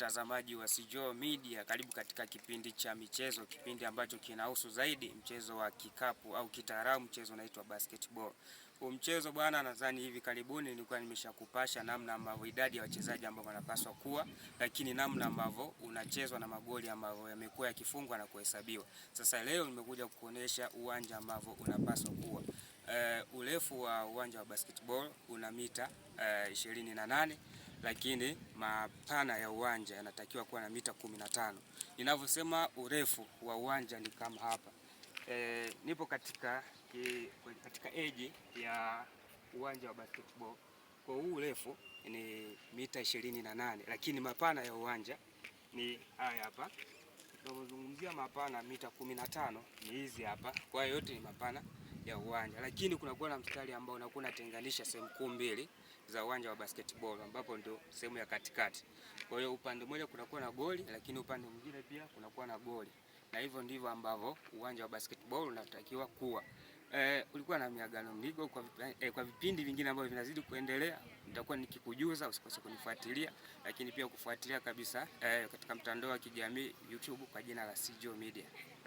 mtazamaji wa Sijo Media, karibu katika kipindi cha michezo, kipindi ambacho kinahusu zaidi mchezo wa kikapu au kitaalamu mchezo unaitwa basketball. Huu mchezo bwana, nadhani hivi karibuni nilikuwa nimeshakupasha namna ambavyo idadi ya wachezaji ambao wanapaswa kuwa, lakini namna ambavyo unachezwa na magoli ambayo yamekuwa yakifungwa na kuhesabiwa. Sasa leo nimekuja kukuonesha uwanja ambavyo unapaswa kuwa. Uh, urefu wa uwanja wa basketball una mita uh, eh, 28 lakini mapana ya uwanja yanatakiwa kuwa na mita kumi na tano. Ninavyosema urefu wa uwanja ni kama hapa e, nipo katika ki, katika eji ya uwanja wa basketball. Kwa huu urefu ni mita ishirini na nane lakini mapana ya uwanja ni haya hapa tunazungumzia mapana mita kumi na tano ni hizi hapa, kwa yote ni mapana ya uwanja, lakini kunakuwa na mstari ambao unakuwa unatenganisha sehemu kuu mbili za uwanja wa basketball ambapo ndio sehemu ya katikati. Kwa hiyo upande mmoja kunakuwa na goli, lakini upande mwingine pia kunakuwa na goli, na hivyo ndivyo ambavyo uwanja wa basketball unatakiwa kuwa. Eh, ulikuwa na miagano mligo kwa, eh, kwa vipindi vingine ambavyo vinazidi kuendelea nitakuwa nikikujuza, usikose kunifuatilia, lakini pia kufuatilia kabisa eh, katika mtandao wa kijamii YouTube kwa jina la Sijo Media.